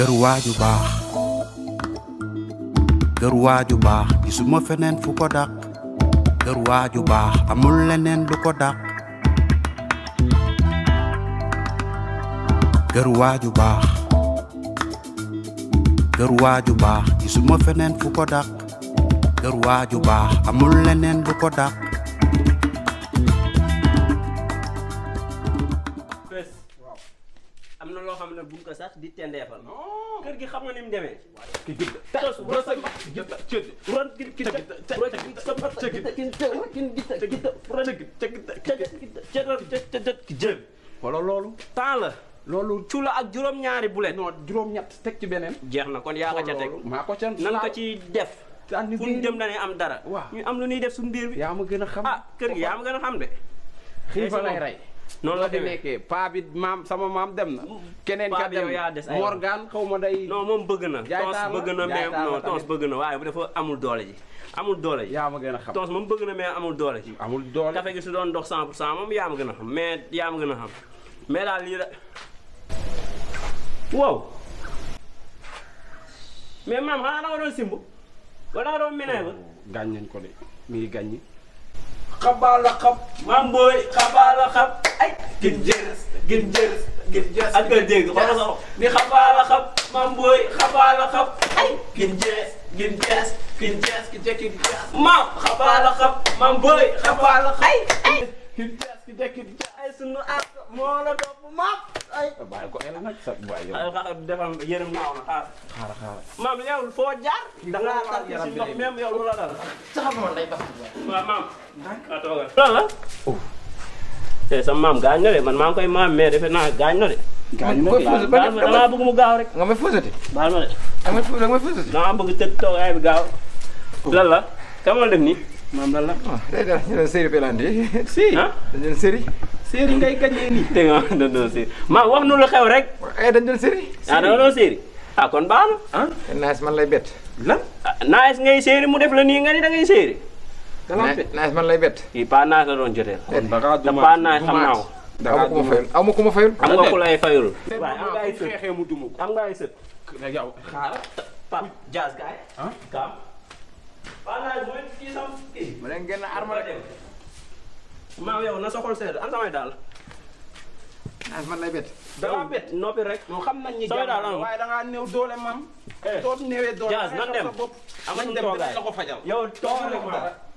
kër waaju baax kër waaju baax gisuma feneen fu ko dàq kër waaju baax amul leneen lu ko dàq kër waaju baax kër waaju baax gisuma feneen fu ko lu ko dàq am na loo xam ne buñ ko sax di tendeefal kër gi xam nga ni mu demee tos rosa gita cëd ron git gita rosa gita sa pat gita gita gita gita ron gita gita gita cëdal cëdal jël wala la ak juróom ñaari bulet non juróom ñett teg ci beneen jeex kon yaa ko ca teg maa ko nan ko ci def fu ñu jëm am dara ñu am lu ñuy def suñu biir bi yaa ma gën xam ah kër gi yaa ma gën xam de xiifa lay rey noonu la demee nekkee paa bi maam sama maam dem na. keneen ka dem Morgan xaw ma day. non moom bëgg na. jaaytaama bëgg tons bëgg na waaye bu dafa amul doole ji. amul doole ji yaa tons moom bëgg na mais amul doole ji. amul doole gi su doon dox 100 pour 100 moom yaa ma gën a xam mais yaa ma gën a xam mais daal lii la wow. mais maam xanaa da nga doon simb wala da doon mené ba. Oh, gaañ nañ ko de mi ngi gaañ. xabaala xam. maam booy xabaala xam. ay gin jërës gin jërës gin jërës. ak nga dégg xoolal sa wax ni xabaala xam. maam booy xabaala xam. ay gin jërës gin jërës gin jërës ki tekki di jërës. maam xabaala xam. maam booy xabaala xam. ay ay gin jërës ki tekki di jërës. ay sunu aar moo la topp maam. ay bàyyi ko ay la nag sax bàyyi defal yërëm sa maam gaañ na de man maa ngi koy maam mais naa gaañ na de gaañ na de baal ma dama bëgg mu gaaw rek nga may fóosati baal ma de nga may fóosati dama bëgg tëj toogaay bi gaaw oh. lan la kamal def nii maam lan la ah, day dara ñu ne série pelandi si dañu série séeri ngay gañee nii. dégg nga da doon séeri wax nu lu xew rek. waaye eh, dañu doon séeri. Ah, ah kon baax na. ah man lay bett. lan ah, naaj ngay séeri mu def la nii nga ni da ngay séeri. naaj man lay bett. kii paa naaj la doon joteel. kon duma paa naaj xam naa ko. dama ko ma fayul ku lay fayul. waaye am sët xeexee mu sët. maa yow na soxol seet an samay daal. ah man lay bett. dama bett noppi rek. moom xam nañ ni jàmm waaye da ngaa néew doole mam. Eh. soo néewee doole. jaas nan dem amañ dem ko fajal yow toog rek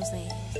nos dejes.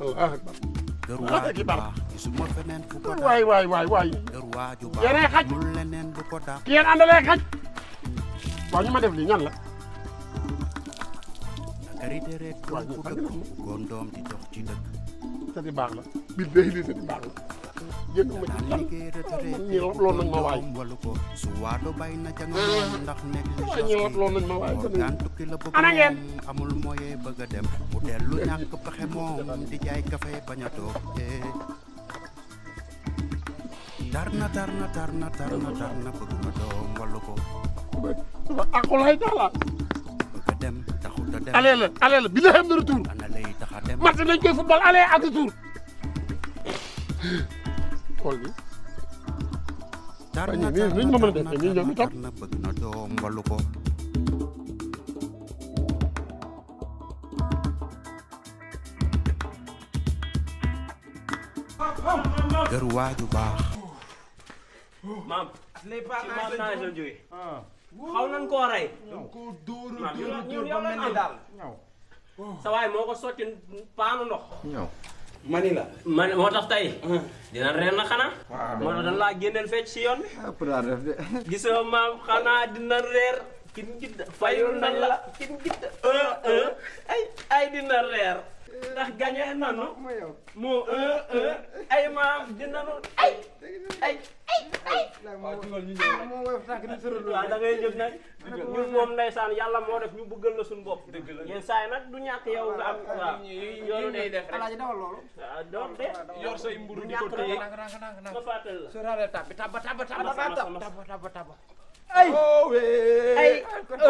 allahu akbar waay waay waay waay xaj ki yéen àndalee xaj waaw ma def lii ñan la waay baax la bil day lii sati baax la génn ma ci lan ñëwaat lool nañ ma waay waaye ñëwaat lool nañ ma waay ana ngeen amul moye bëgg a dem allez allez allez tool bi. dar na dar na dar na bëgg na doom mbalu ko. kër waaju baax. maam. Ah. xaw nañ koo rey. maam sa waay moo ko sotti paanu mani la. mani moo tax tey. Uh-huh. dina reen na xanaa. waaw ah, moo tax dañ laa génneel fecc si yoon bi. ah def de. gisoo maam xanaa dina reer. kin gidda fayul na la kin gidda. Uh, uh. ay ay dina reer. ndax gañe nanu. moo uh, ay maam dina nu ay. ay ay ay moo woyof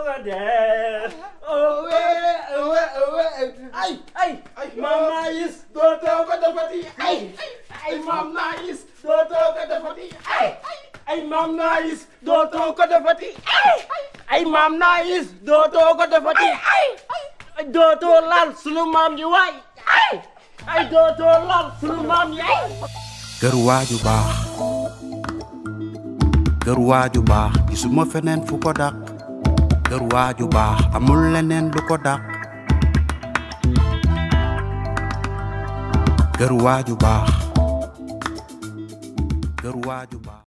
over there. Away, away, dootoo ko defati. Ay, ay. Mama is dootoo ko defati. Ay, ay. Mama is dootoo ko defati. Ay, ay. Mama is dootoo ko defati. Ay, Dootoo laal sunu maam yi waay. Ay, Dootoo laal sunu maam yi. Kër waaju baax. Kër waaju feneen fu ko dàq. kër waaju baax amul leneen lu ko dàq kër waaju baax kër waaju baax